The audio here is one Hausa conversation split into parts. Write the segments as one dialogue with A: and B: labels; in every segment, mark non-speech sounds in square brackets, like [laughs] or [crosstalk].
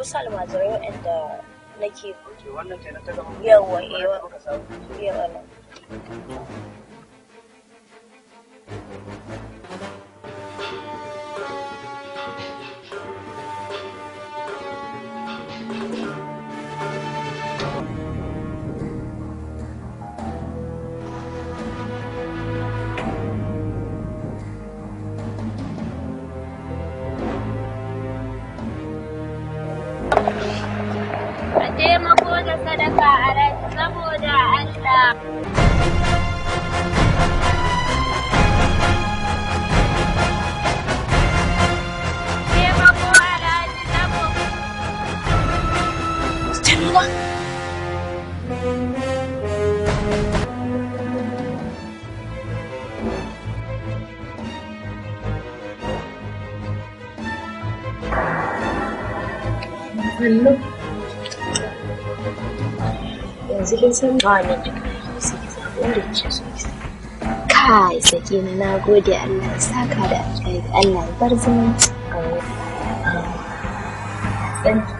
A: wasu almajirai waɗanda nake yawa yawa Hannu. Yanzu kin Kai sake ni na gode Allah saka da Allah bar zumunci. Thank you.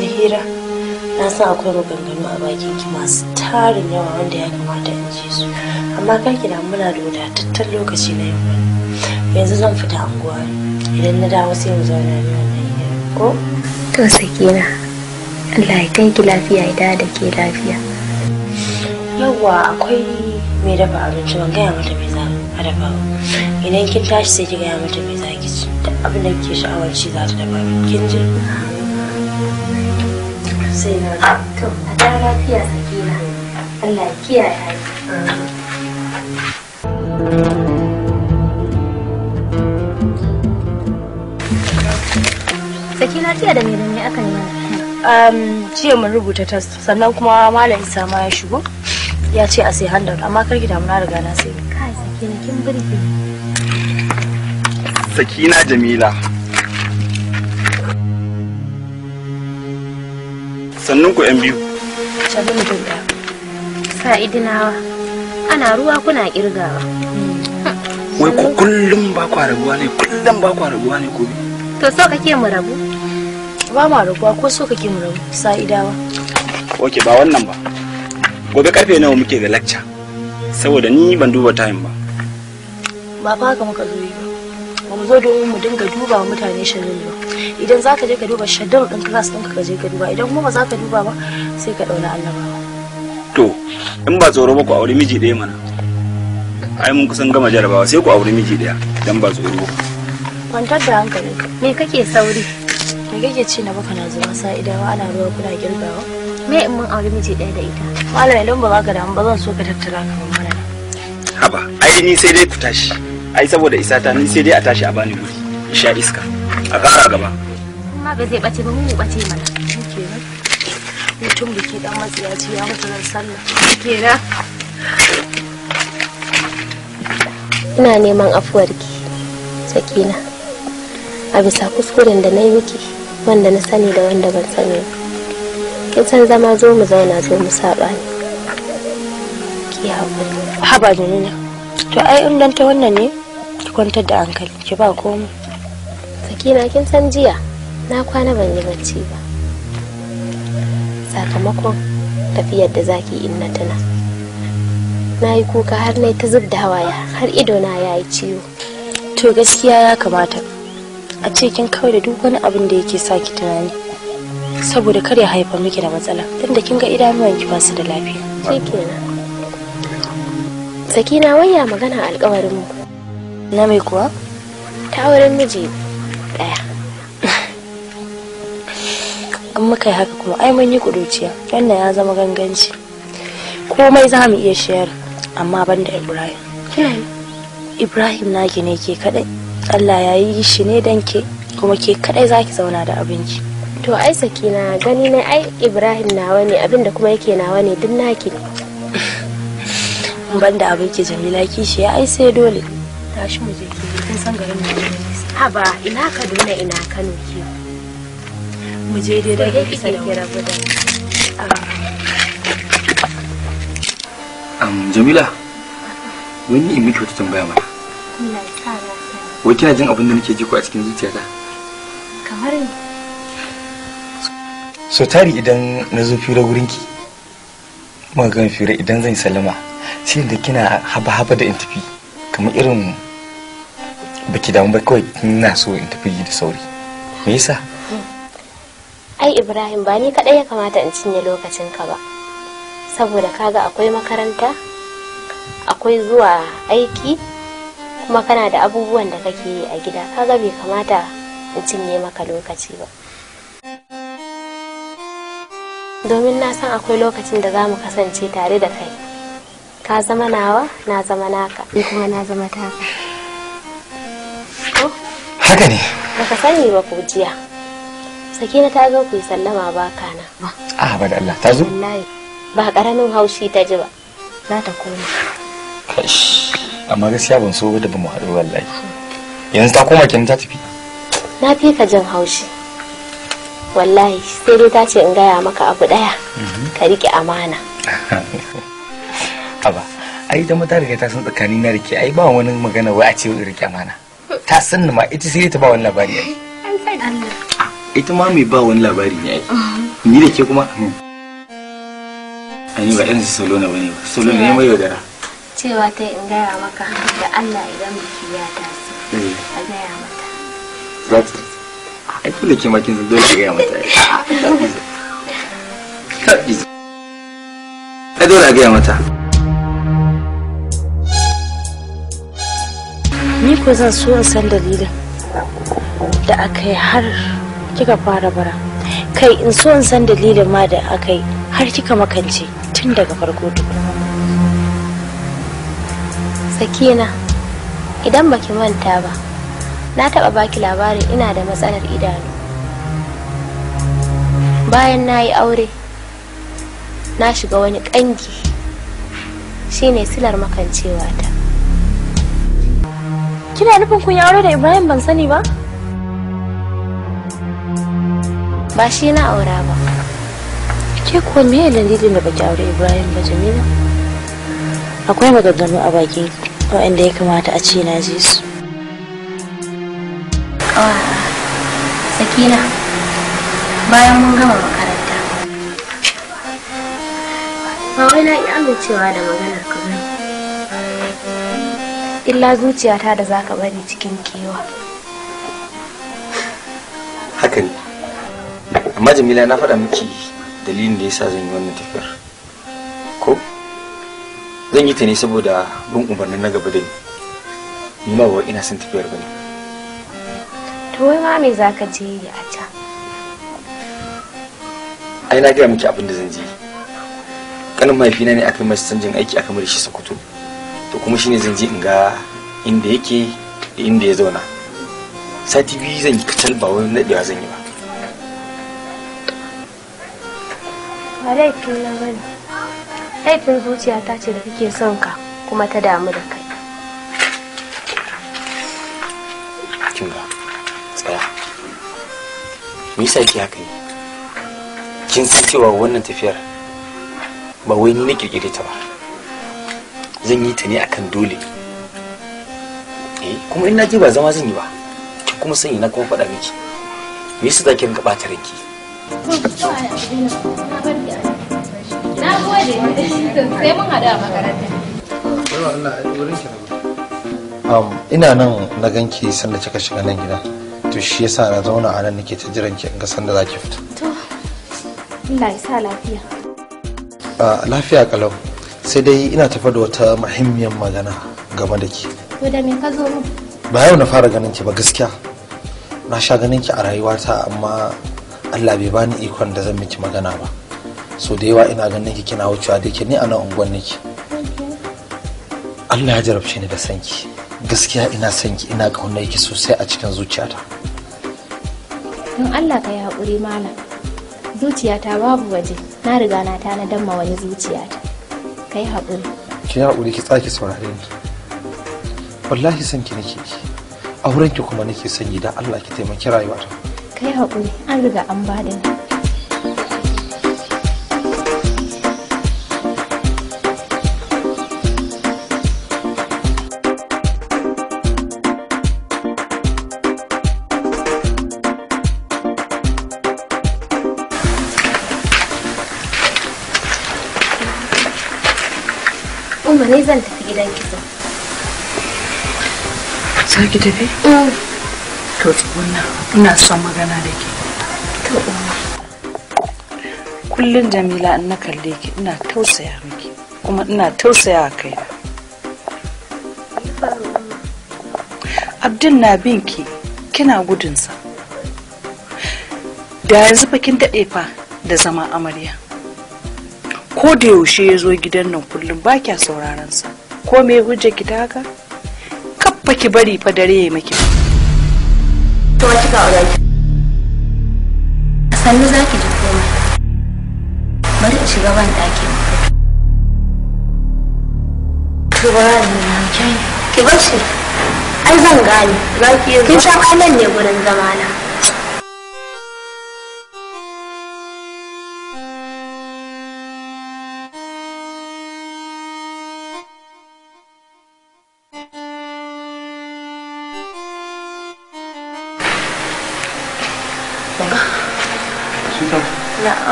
A: kamar hira na san akwai maganganu a bakin ki masu tarin yawa wanda ya kamata in ji su amma kar ki damu muna da wadatattun lokaci na yamma yanzu zan fita anguwa idan na dawo sai mu zauna ne wannan hira ko to sakina Allah ya kai ki lafiya ya da ke lafiya yawa akwai mai dafa abinci ban gaya mata me za a dafa ba idan kin tashi sai ki gaya mata me za ki ci da abin da ke sha'awar ci za ta dafa kin ji sai na to a ta lafiya sakina Allah ya kiyaye Sakina jiya da menene aka yi Um, jiya mun rubuta test sannan kuma malam isa ma ya shigo ya ce a sai handar amma kar ki damu na riga na sai kai sakina kin burge
B: sakina jamila sannun ku 'yan biyu
A: shabin ana ruwa kuna kirgawa
B: wai ku kullum ba kwa rabuwa ne kullum ba kwa rabuwa ne ko
A: to so kake mu rabu ba ma rabuwa ko so kake mu rabu sa'idawa
B: ok ba wannan ba gobe karfe nawa muke da lacca saboda ni ban duba time ba
A: ba fa haka muka zo yi ba mu zo domin mu dinga duba wa mutane shirin ba idan za ka je ka duba shaddar ɗin kilas ɗin ka je ka duba idan kuma ba za ka duba ba sai ka ɗauna annabawa
B: to in ba tsoro ba ku aure miji ɗaya mana ai mun kusan gama jarabawa sai ku aure miji ɗaya dan ba tsoro
A: kwantar da hankali me kake sauri me kake ci na baka na zuwa sa wa ana ruwa kuna girgawa me in mun aure miji ɗaya da ita malam idan ba za ka damu ba zan so ka tattara ka ba.
B: haba ai ni sai dai ku tashi ai saboda isa ta ni sai dai a tashi a bani guri in sha iska a kara gaba
A: amma ba zai bace ba mu bace mana kenan mutum da ke dan matsiyaci ya mutu ran sallah kenan ina neman afuwarki sakina a bisa kuskuren da na yi miki wanda na sani da wanda ban sani ba kin san zama zo mu zauna zo mu saba ne ki haƙuri haba da nuna to ai in ta wannan ne ki kwantar da hankali ki ba komi. sakina kin san jiya na kwana ban yi bacci ba sakamakon tafiyar da zaki in na tuna na yi kuka har na ta zub da hawaya har ido na ya yi ciwo to gaskiya ya kamata a ce kin kawai da duk wani abin da yake sa ki tunani saboda kar ya haifa miki da matsala tunda kin ga idanuwan ki basu da lafiya shikenan sakina ya magana alkawarin mu na mai kuwa ta wurin miji ɗaya an muka yi haka kuma ai mun yi kuduciya wannan ya zama ganganci komai za mu iya shayar amma ban da ibrahim ibrahim naki ne ke kadai allah ya yi shi ne dan ke kuma ke kadai za ki zauna da abinci. to ai na gani na ai ibrahim wani abin abinda kuma yake nawa ne duk naki ne ban da abinki jamila kishi ya ai sai dole tashi mu je ke kun san garin mu ne haba ina Kaduna ina Kano ke mu je dai da kike ke rabu da
B: am Jamila wani in miki wata tambaya mana wai kina jin abin da nake ji ko a cikin zuciyata kamar ni so tari idan na zo fira gurinki magan fira idan zan sallama sai da kina haba-haba da intifi tafi kamar irin baki damu ba kawai ina so in tafi da sauri me yasa
A: ai ibrahim ba ni kadai ya kamata in cinye lokacin ka ba saboda kaga akwai makaranta akwai zuwa aiki kuma kana da abubuwan da kake yi a gida kaga bai kamata in cinye maka lokaci ba domin na san akwai lokacin da za mu kasance tare da kai ka zama nawa na zama naka ni kuma na zama taka haka ne baka sani ba ko jiya sakina ta zo ku yi sallama ba kana a ba da Allah ta zo wallahi ba karamin haushi ta ji ba za ta koma
B: kashi amma gaskiya ban so da ba mu haɗu wallahi yanzu ta koma kin ta tafi
A: na fi ka jin haushi wallahi sai dai ta ce in gaya maka abu daya mhm. ka rike amana
B: [laughs] haba ai da mata riga ta san tsakani na rike ai ba wani magana wai a ce rike mana ta san ma ita sai ta ba wani labari ai ita ma mai ba wani labari ne ai ni da ke kuma mm. ani ba irin solo na bane ba solo ne mai yaudara
A: cewa ta in gaya maka da Allah idan biki ya
B: taso eh. a gaya mata za ta ai dole ke makin san dole ki gaya mata
C: ai [laughs] dole a gaya mata
A: ni ko zan so in san dalilin da aka yi har kika fara bara kai in so in san dalilin ma da aka yi har kika makance tun daga farko sakina idan baki manta ba na taba baki labarin ina da matsalar idanu bayan na yi aure na shiga wani kangi shine silar makancewata kina nufin kun yi aure da ibrahim ban sani ba ba shi na aura ba ke kuwa me dalilin da baki aure ibrahim ba jamila akwai maganganu a baki waɗanda ya kamata a ce na ji su sakina bayan mun gama makaranta ba wai na iya amincewa da maganar ka illa zuciyata da zaka bari cikin kewa
B: hakan amma jamila na faɗa miki dalilin da yasa zan yi wannan tafiyar ko zan yi ta ne saboda bin umarnin na gaba da ni ma ba ina son tafiyar bane
A: to wai ma me zaka je yi a can
B: ai na gaya miki abin da zan je kanin mahaifina ne aka yi masa canjin aiki aka mara shi sokoto to kuma shine zan je in ga inda yake da inda ya zauna sati biyu zan yi kacal ba wani nadewa zan yi ba
A: ba laifin na bane laifin zuciya ta ce da kake son ka kuma ta damu da kai kinga
B: tsaya me yasa ki haka ne kin san cewa wannan tafiyar ba wai ni na kirkire ta ba zan yi ta ne akan dole eh kuma in naje ba zama zan yi ba ki kuma sani na kuma faɗa miki me yasa zaki rinka ɓata ranki
A: na gode sai mun hada a makaranta
C: Um, ina nan na ganki sanda kika shiga nan gida to shi yasa na zauna a nan nake ta jiran ki ga sanda zaki fita
A: to Allah ya sa lafiya
C: uh, lafiya kalau sai dai ina tafa da wata muhimmiyar magana game da ke. ba yau na fara ganin ki ba gaskiya na sha ganin ki a rayuwa ta amma Allah bai bani ikon da zan miki magana ba so da yawa ina ganin ki kina wucewa da ke ni a nan unguwan Allah ya jarabce ni da sanki gaskiya ina sanki ina kaunar ki sosai a cikin zuciyata
A: in Allah ka yi haƙuri malam zuciyata babu waje na riga na tana damma wani zuciyata kai haƙuri
C: ki haƙuri ki tsaki saurare ni wallahi san ki nake ki kuma nake son da Allah ki taimaki rayuwata
A: kai haƙuri an riga an bada ni Halima ne zan tafi gidan kitso.
D: Za ki tafi? To tsugunna ina son magana da ke. To Kullum Jamila in kalle ki ina tausaya miki kuma ina tausaya kai. Abdul na bin ki kina gudunsa. Da yanzu fa kin daɗe fa da zama amarya. ko da yaushe ya zo gidan nan kullum ba kya sauraron sa ko me hujja ki ta haka kappa ki bari fa dare yayi miki to wace ka aure sannu zaki ji komai bari in shiga ban daki ki ba ni
A: na ki ba shi ai zan gane zaki kin sha kanan ne gurin zamana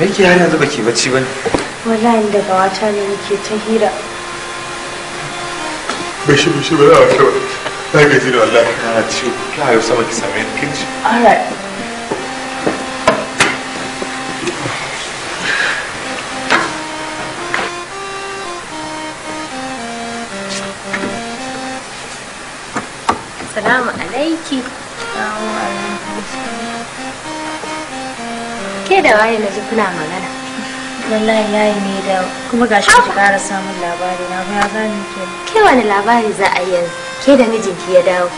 A: me yake har yanzu
B: baki bacci bane
A: wallahi daga wata ne nake ta hira
B: bashi bashi ba za a wata ba ta gaji da wallahi kana ci ka yi sama ki same ni
A: kinji all right ke da waye na kuna magana wallahi yayi ne da kuma gashi ki kara samun labari na ba za ni ke ke wani labari za a yi ke da mijinki ya dawo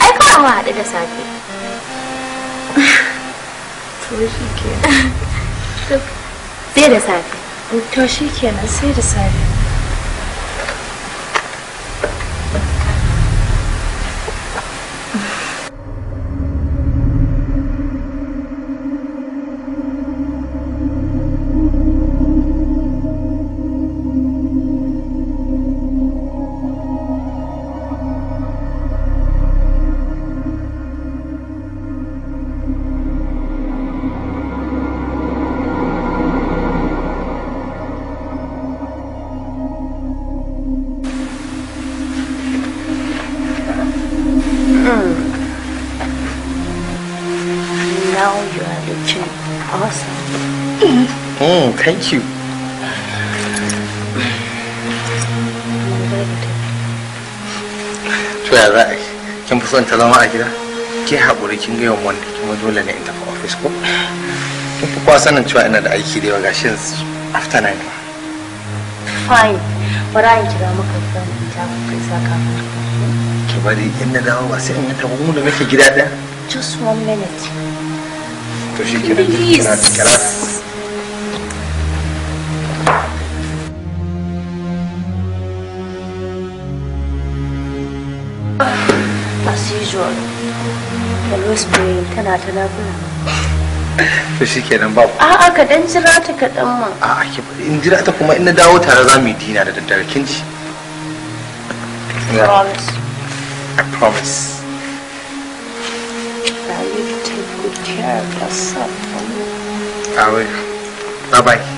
A: ai kawai mu haɗu da safe to shi ke [laughs] sai da safe to shi nan sai da safe
B: Thank you.
C: To ya za a Kin fi son ta zama a gida? Ki haƙuri kin ga yawan wanda kuma dole ne in tafi ofis ko? Kin fi kwa sanin cewa ina da aiki da yawa ga shi after nine.
A: Fine. in kira maka zan ta kai saka.
C: Ki bari in na dawo ba sai in yi mu da muke gida ɗaya.
A: Just one minute. Please. usual always praying tana ta nafila
C: to shi kenan babu
A: a'a ka dan jira ta ka dan ma a'a
C: ki in jira ta
A: kuma in na dawo
B: tare za
C: mu yi dina da daddare kin ci.
A: promise i promise I will take good care of yourself. I Bye bye.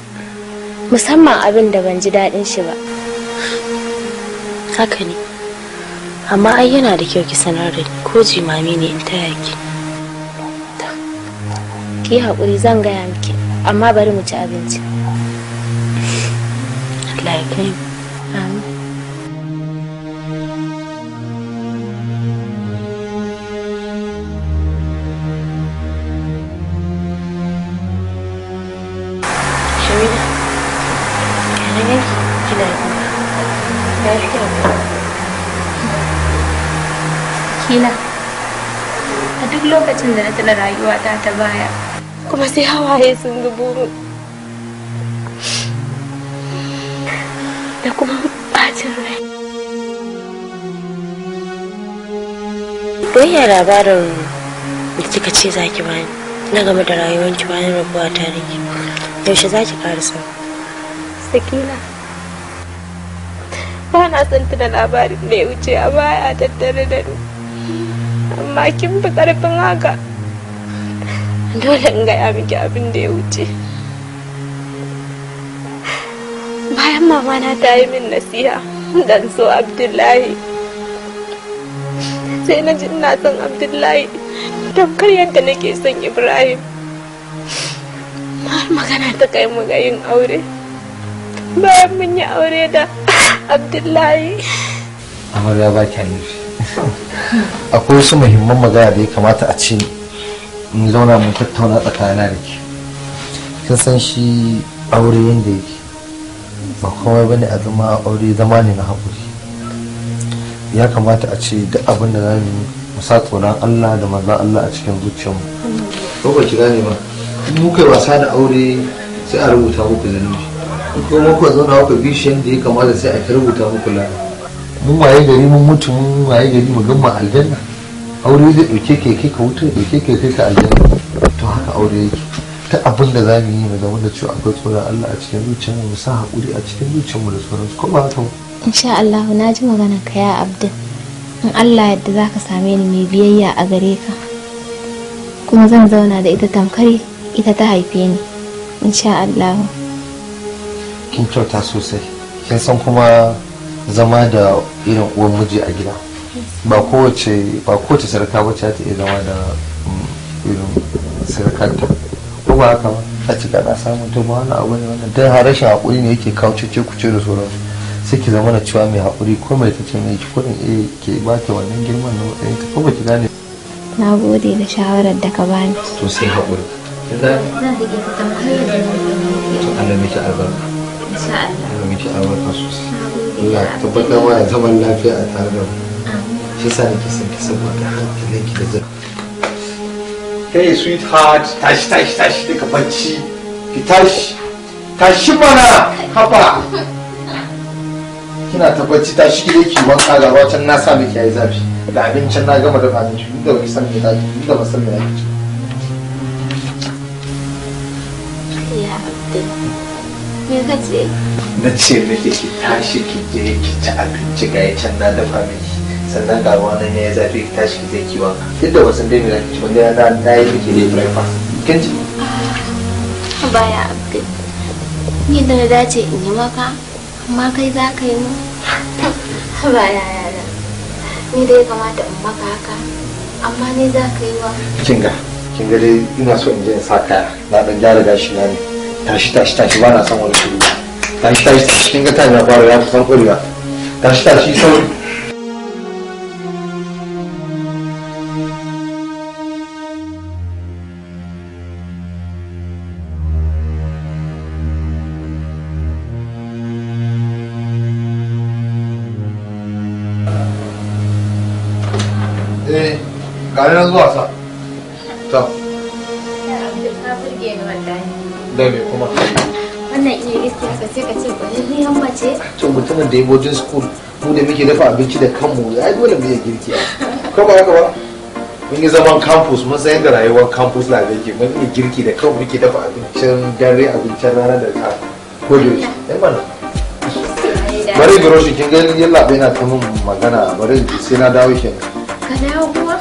A: musamman abin da ban ji daɗin shi ba haka ne amma ai yana da kyau ki sanar da ni ko jimami ne in taya ki ki haƙuri zan gaya miki amma bari mu ci abinci Allah ya kai mu abokina a duk lokacin da na tuna rayuwata ta baya kuma sai hawaye sun zubo da kuma bacin rai Doya labarin da kika ce za ki bani na game da rayuwanki bayan rabuwa ta da ke yaushe za ki karisa sakina ba na san tuna labarin da ya wuce a baya tattare da ni amma kin fi ƙarfin haka dole in gaya miki abin da ya wuce bayan mama na ta yi min nasiha dan so abdullahi sai na ji ina son abdullahi tamkar yadda nake son ibrahim har magana ta kai mu ga yin aure bayan mun yi aure da abdullahi
C: ya ba ki akwai wasu muhimman magana da ya kamata a ce in zauna mun tattauna tsakanina da ke kin san shi aure yadda yake ba komai bane a zama aure zama ne na haƙuri ya kamata a ce duk abin da za mu mu sa tsoron Allah da manzon Allah a cikin zuciyarmu ko ba ki gane ba mu kai wasa da aure sai a rubuta muku zanubi in kuma muka zauna muka bi shi yadda ya kamata sai a rubuta muku lada mun waye gari mun mutu mun waye gari mu gama aljanna aure zai dauke ke ka wuta dauke ke kai ka aljanna to haka aure yake ta abin da za mu yi mu zama da cewa akwai tsoron Allah a cikin zuciyar mu sa hakuri a cikin mu da tsoron ko ba haka
A: insha Allah na ji magana ka ya Abdul in Allah yadda zaka same ni mai biyayya a gare ka kuma zan zauna da ita tamkari ita ta haife ni insha Allah
C: kin kyauta sosai kin san kuma zama da irin uwan miji a gida ba kowace ba sarka ba ta iya zama da mm, irin sarkarta ko ba haka ba a cika na samun ta ba wani abu ne wani dan harashin haƙuri hakuri ne yake kawo cece kuce da sauransu sai ki zama na cewa mai hakuri ko mai ce mai ki kudin eh ke ba ta wannan girman na matsayin ta ko ki gane
A: na gode da shawarar da ka bani
C: to sai hakuri zan
A: da ke fitan kai da
C: Allah miki albarka insha Allah Allah miki albarka su Allah tabbatar ya zaman lafiya a tare da mu shi sa nake son ki saboda hankalinki da zai
B: kai sweetheart tashi tashi tashi daga bacci ki tashi
C: tashi mana haba kina ta bacci tashi ki ki wanka ga wacan na sa miki yayi zafi da abincin na gama da miki duk da wani san me zaki duk da san me zaki
A: ya abdul Me ce?
C: Na ce miki ki
A: tashi ki je ki ci abinci
C: ga ya can na dafa miki. Sannan ga wannan ya zafi ki tashi ki je ki wa. Duk da wasan dai me ki ci wanda ya na yi miki dai breakfast. Kin ji?
A: Ah, baya abdi. Ni da na dace in yi maka amma kai za ka yi min. Baya yana. Ni dai kamata in maka haka amma ni za ka yi wa.
C: Kinga. kin ga dai ina so in je in sa kaya na dan gyara gashi na ne 다시다시다시완화성으로그리고다시다시다시생각하면바로약성거리가다시다시소가려는거같아 da me kuma
A: wannan iya istinsa sai ka ce kwararriyar mace
C: to mutumin da ya boarding school mu da muke dafa abinci da kanmu ya yi dole mu iya girki ko ba haka ba mun yi zaman campus mun san yadda rayuwar campus na da yake mun iya girki da kanmu muke dafa abincin dare abincin rana da ta kodo shi ɗan eh mana bari biro shi kin ga yin labai na ta mun magana bari sai na dawo kenan
A: ka dawo kuma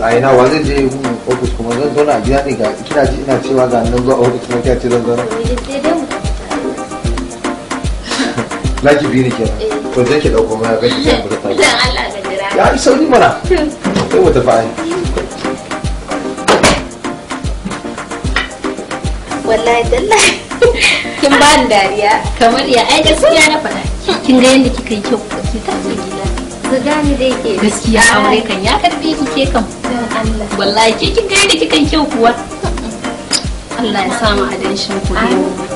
C: a ina wa zai je mun ofis kuma zan zauna a gida ne ga kina ji ina cewa ga nan zuwa ofis kuma kina ce zan zauna laki biyu ne kenan to zai ke dauko mana ga ki kan burta ya yi sauri mana
D: sai
C: mu tafi
A: wallahi tallahi
D: kin ba ni dariya kamar ya ai gaskiya na
A: faɗa kin ga yadda kika yi kyau ki ta ce zuga ni da yake gaskiya aure kan ya karbe ki ke kam wallahi ke kin gani da kikan kyau kuwa Allah ya samu adan shin ku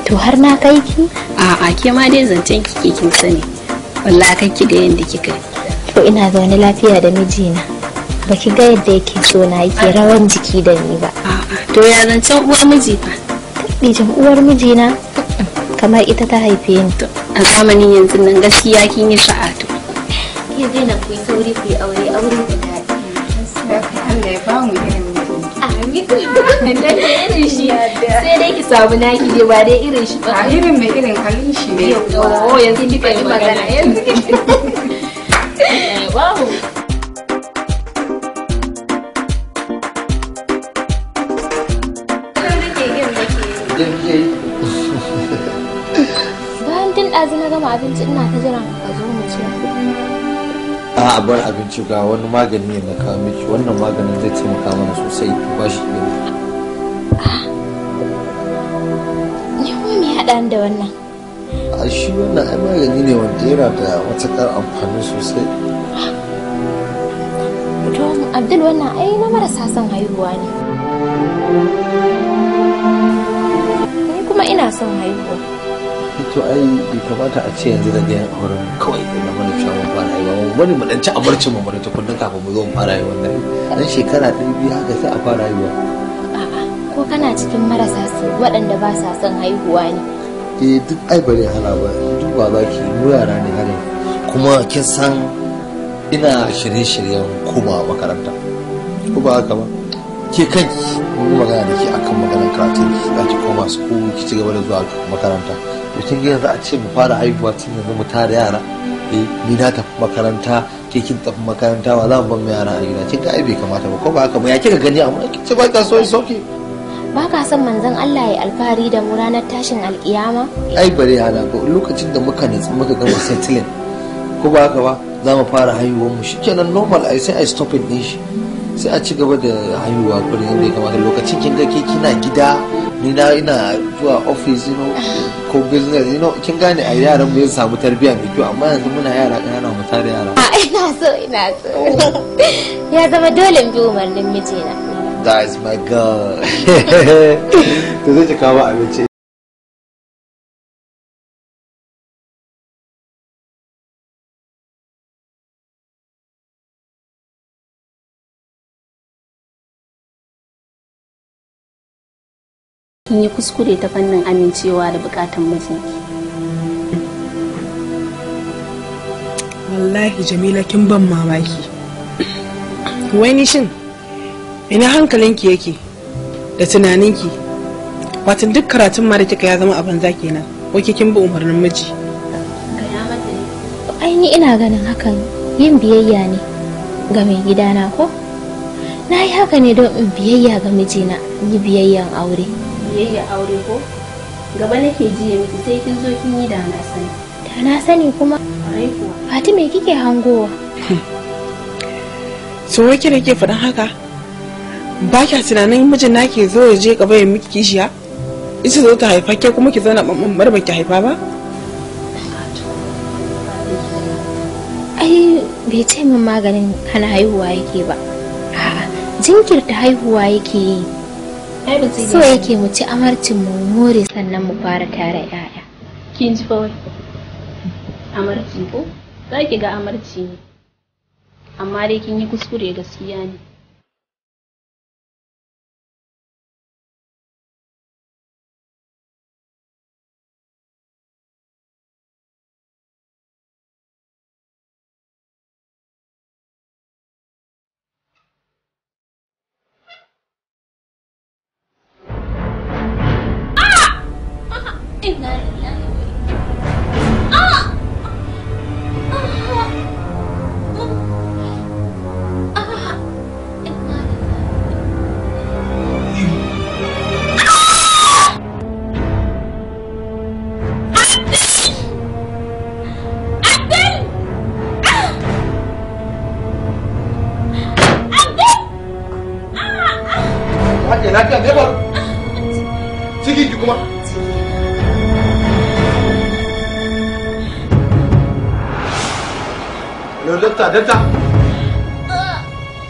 A: to har na kai ki a'a ke ma dai zancen ki ke kin sani wallahi kai ki da yanda kika to ina zaune lafiya da mijina ki ga yadda yake so na yake rawan jiki da ni ba to ya zancen uwar miji fa tabbijin uwar mijina kamar ita ta haife ni a zamanin yanzu nan gaskiya kin yi sa'a ke Zainab ku yi sauri ku yi aure aure da daɗi. Allah ya ba mu irin Amin. Dan irin shi. Sai dai ki samu naki dai ba dai irin shi ba. A irin mai
D: irin halin shi ne. Oh yanzu ki yi magana yanzu. Wow.
A: Bayan tun ɗazu na gama abinci ina ta jiran
C: a bar abinci ga wani magani ne na kawo miki wannan maganin zai taimaka mana sosai ba shi ne ne
A: kuma me hada da wannan
C: a shi wannan ai magani ne wanda yana da matuƙar amfani sosai
A: to Abdul wannan ai na marasa son haihuwa ne ni kuma ina son haihuwa
C: to ai bai kamata a ce yanzu da ga auren kawai da mun mana cewa mun fara yi ba bari mu dan ci barci mu bari tukunna kafin mu zo mu fara yi wannan dan shekara ɗaya biyu haka sai a fara yi ba.
A: ko kana cikin marasa su waɗanda ba sa son haihuwa ne
C: eh duk ai bari hala ba duk ba ki mu yara ne har kuma kin san ina shirye-shiryen koma makaranta ko ba haka ba ke kai mun magana da ke akan maganar karatu za ki koma su ko ki ci gaba da zuwa makaranta mutum za a ce mu fara haihuwa tun yanzu mu tara yara eh, ni na tafi makaranta ke kin tafi makaranta ba za mu ban yara a gida kin ga ai bai kamata ba ko ba haka ba ya kika gani amma kin ce ba ka so soke
A: ba ka san manzon Allah ya alfahari da mu ranar tashin alkiyama
C: ai bare hala ba lokacin da muka nutsu muka gama settling ko ba haka ba za mu fara haihuwar mu shikenan normal ai sai ai stopping din shi sai a ci gaba da haihuwa kullum yadda ya kamata lokacin kin ga ke kina gida ni na ina zuwa ofis you know ko business you know kin gane a yaran mu ya samu tarbiyya mai kyau amma yanzu muna yara kana mu tare yara a ah,
A: [laughs] ina so ina so ya zama dole in bi umarnin mijina
C: that is my girl [laughs] to zai kawo abinci
A: kin yi kuskure ta fannin amincewa da bukatan miji
D: wallahi jamila kin ban mamaki wani shin ina hankalinki yake da tunaninki watan duk karatun ma da kika ya zama abin banza kenan wake kin bi umarnin miji
A: ai ni ina ganin hakan yin biyayya ne ga mai gidana ko na yi haka ne don in biyayya ga mijina yi biyayyan aure biyayya aure ko gaba nake jiya miki sai kin zo kin yi da na sani da na sani kuma fatima me kike hangowa
D: [laughs] so wai kira ke faɗin haka ba kya tunanin mijin na ke zo ya je gaba ya miki kishiya ita zo ta haifa ke kuma ki zauna ɓamɓamɓar ba ki haifa ba
A: ai bai ce min maganin hana haihuwa yake ba jinkirta haihuwa yake yi so yake mu ci amarcin mu more sannan mu fara tara yaya kin ji fa wai amarci ko za ga amarci ne amma dai kin yi kuskure gaskiya ne active தான் இல்லைங்களா
C: dakta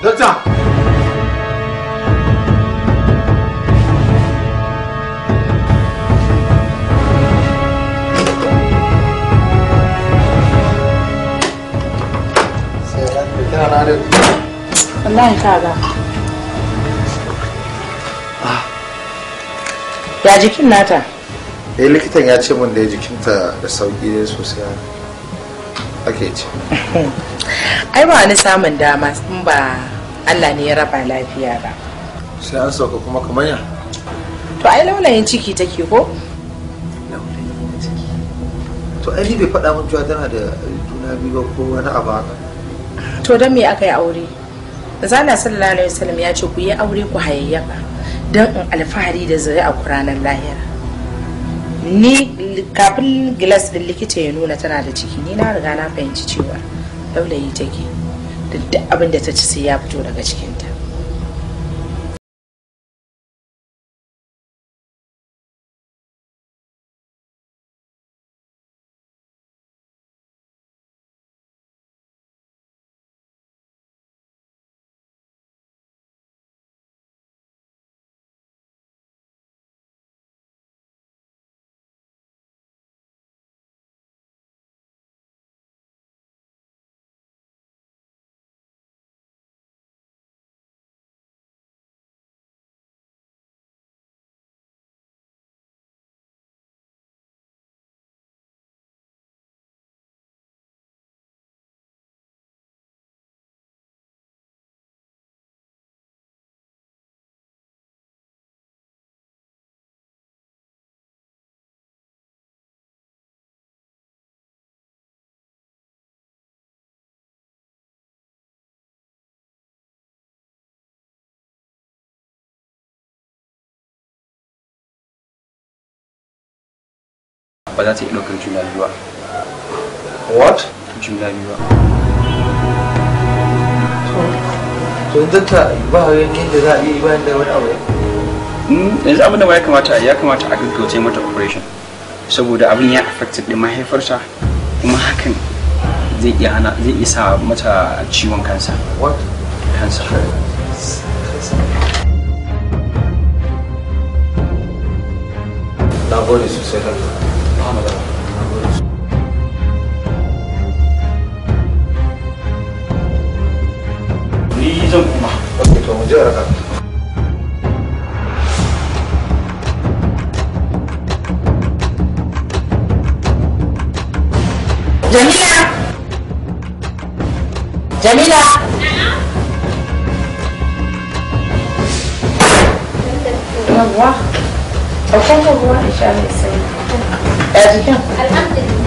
C: dakta
D: wallahi kaga ya jikin nata
C: eh likitan ya ce min da jikinta da sauki sosai ake ci
D: ai ba wani samun dama in ba allah ne ya raba lafiya ba sai an sauka kuma kamar ya to ai laulayin ciki take ko
C: to ai bai faɗa mun cewa tana da juna biyu ko wani abu haka
D: to don me aka yi aure zana sallallahu alaihi wasallam ya ce ku yi aure ku hayayyafa don in alfahari da zuri'a ku ranar lahira ni kafin gilas din likita ya nuna tana da ciki ni na riga na fahimci cewa laulayi take duk abin da ta ci sai ya fito daga ta.
B: ba za ta yi ɗaukar juna biyu ba
C: what juna biyu ba to dokta ba yankin da za a yi bayan da wani abu hmm,
B: yanzu abin da ya kamata ya kamata a gaggauce mata operation saboda abin ya affected din mahaifarsa kuma hakan zai iya hana zai isa mata ciwon kansa what
C: kansa na gode sosai zan koma ok to mu je raka
D: Jamila Jamila Yawwa,
A: ɗaukan yawwa in sha mai sai. Ya jikin? Alhamdulillah.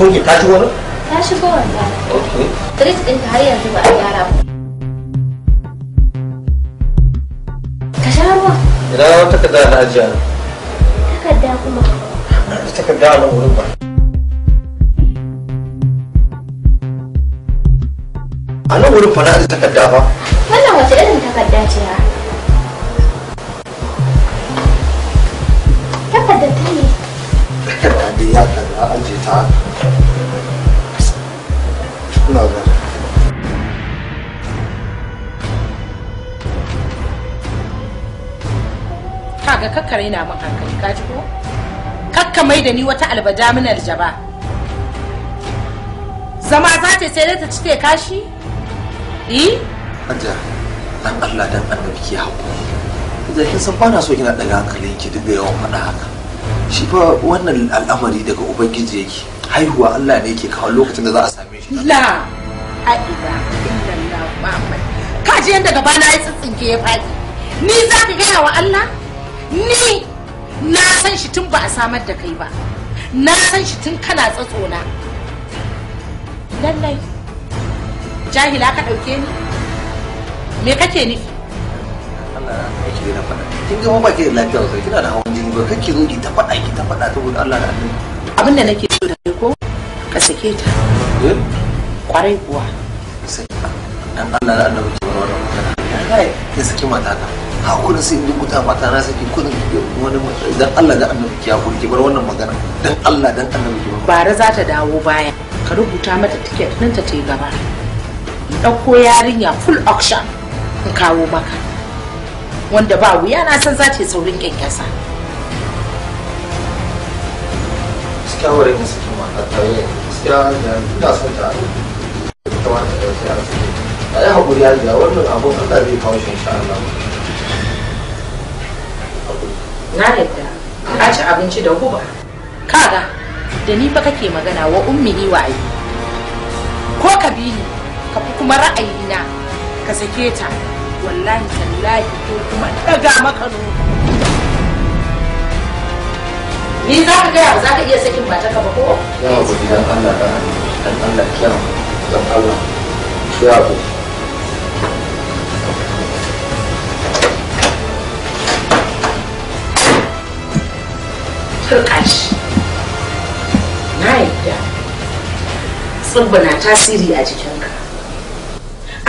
C: goge ta shigo ne?
A: Ta shigo wanda. Okay. Fridge ɗin ta har yanzu ba a gyara ba. Ka sha ruwa.
C: Ina wata takarda na ajiya.
A: Takarda kuma.
C: Takarda a nan wurin ba. A nan wurin fa na da takarda ba.
A: Wannan wace irin takarda ce ha?
D: Takardar ta ne.
C: Takarda [laughs] ya a ajiye ta haka ina ga
D: kaga kakkare na min hankali ka ji ko kakka mai da ni wata albada min aljaba zama za ta sai ta cike kashi eh
C: Hajja, dan Allah dan annabi ki haƙuri. Zai kin san ba na so kina daga hankalin ki duk da yawan faɗa haka. shi fa wannan al'amari daga ubangiji yake haihuwa Allah ne yake kawo lokacin da za a same
D: shi la a ila ka ji yanda gaba na yi tsitsinke ya fadi ni za ka gaya wa Allah ni na san shi tun ba a samar da kai ba na san shi tun kana tsatsona lallai jahila ka ɗauke ni me kake nufi
C: Allah ya shirye na faɗa kin ga ba ki da lafiya sosai kina da hawan jini ba kake zo ta faɗa ki ta faɗa saboda Allah da Allah
D: abin da nake so da kai ko ka sake ta
C: eh? kwarai kuwa sai dan Allah da Allah ki warware kai ki saki mata ta hakurin sai duk ta mata na saki kudin wani dan Allah da Allah ki hakuri ki bar wannan magana dan Allah dan Allah ki
D: bara za ta dawo baya ka rubuta mata tiket nan ta ce gaba ɗauko yarinya full auction in kawo maka wanda ba wuya na san za ta saurin kyankyasa
C: shawarar da suke mata tare gaskiya da ina son ta ta wata da wasu yara suke a yi haƙuri ya riga wannan abun Allah zai kawo shi insha Allah
D: na yadda ka ci abinci da guba kaga da ni fa kake magana wa ummini wa ko ka bi ni ka fi kuma ra'ayina ka sake ta wallahi tallahi ko kuma daga maka nuna ni za ka gaya ba za ka iya sakin ba ta ba ko
C: yawa ku gidan Allah da dan Allah kiyama dan Allah ya ku
D: turkashi na yadda tsibba na tasiri a jikinka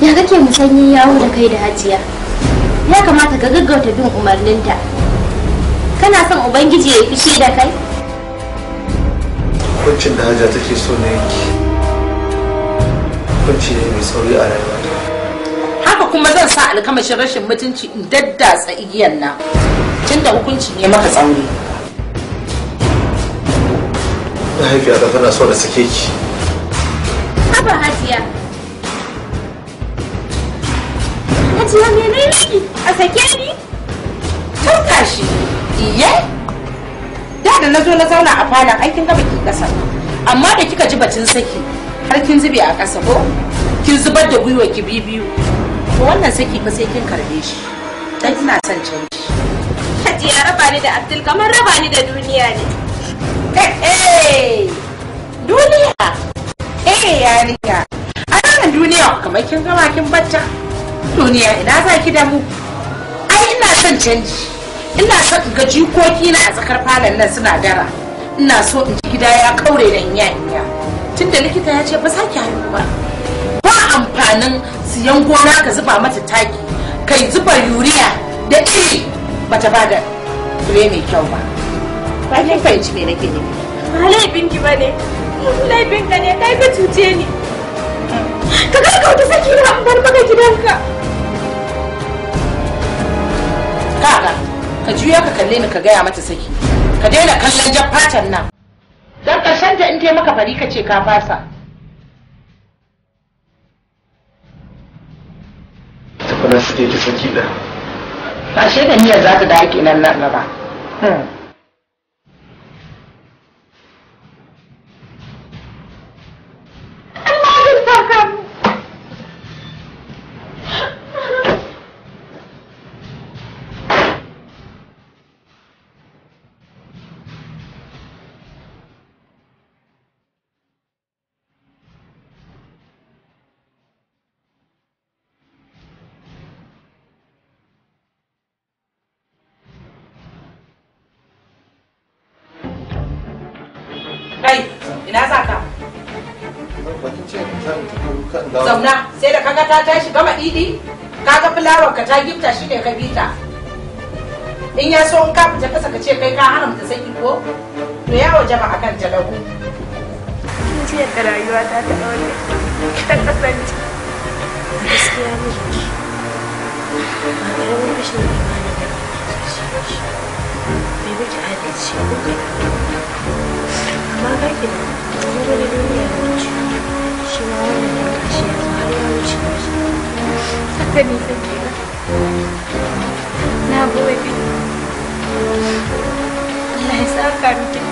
A: ya kake sanyi yawo da kai da hajiya ya kamata ka gaggauta bin umarninta kana son ubangiji ya yi fushi da kai
C: hukuncin da hajiya take so na yanki hukunci ne mai sauri a rayuwa
D: haka kuma zan sa alkamashin rashin mutunci in daddatsa igiyan tun da hukunci ne maka tsauri mahaifiyata
C: tana so da sake ki
D: haba hajiya hajiya mene ne a sake ni tun tashi iye da da na zo na zauna a falon aikin gaba ki kasa amma da kika ji bacin saki har kin zube a kasa ko kin zubar da gwiwa ki biyu to wannan saki fa sai kin karbe shi dan ina son canji
A: hajiya raba ni da abdul kamar raba ni da duniya ne
D: eh, eh duniya eh yarinya a ranar duniya kamar kin gama kin bacca duniya ina za ki damu ai ina son canji ina son ga jikoki na a tsakar falon nan suna dara ina so in ji gida ya kaure da inya inya tunda likita ya ce ba za ki haihu ba ba amfanin siyan gona ka zuba mata taki kai zuba yuriya da iri bata ba da fure mai kyau ba ba ki fahimci me nake ne ba laifin ki ba ne laifin ka ne kai ka cuce ni ka ga ka wata saki na bar maka gidanka kaga ka juya ka kalle ni ka gaya mata saki ka daina kallon jaffatan nan dan karshen ta in maka fari ka ce ka fasa
B: ta fara su ta saki da
D: ashe da niyyar za ta da nan nan gaba hmm. ina za ka zauna sai da kaga ta tashi gama idi kaga fulawar ka ta gifta shi ne ka bita in ya so in ka fita kasa ka ce kai ka haramta saki ko to ya waje ba akan jalagu jiya da rayuwa ta ta ɗaure ta kasance
A: gaskiya ne ba ƙaramin rashin imani da ba ke shi bai wuce adalci ko kai Na gobe. Allah ya saka miki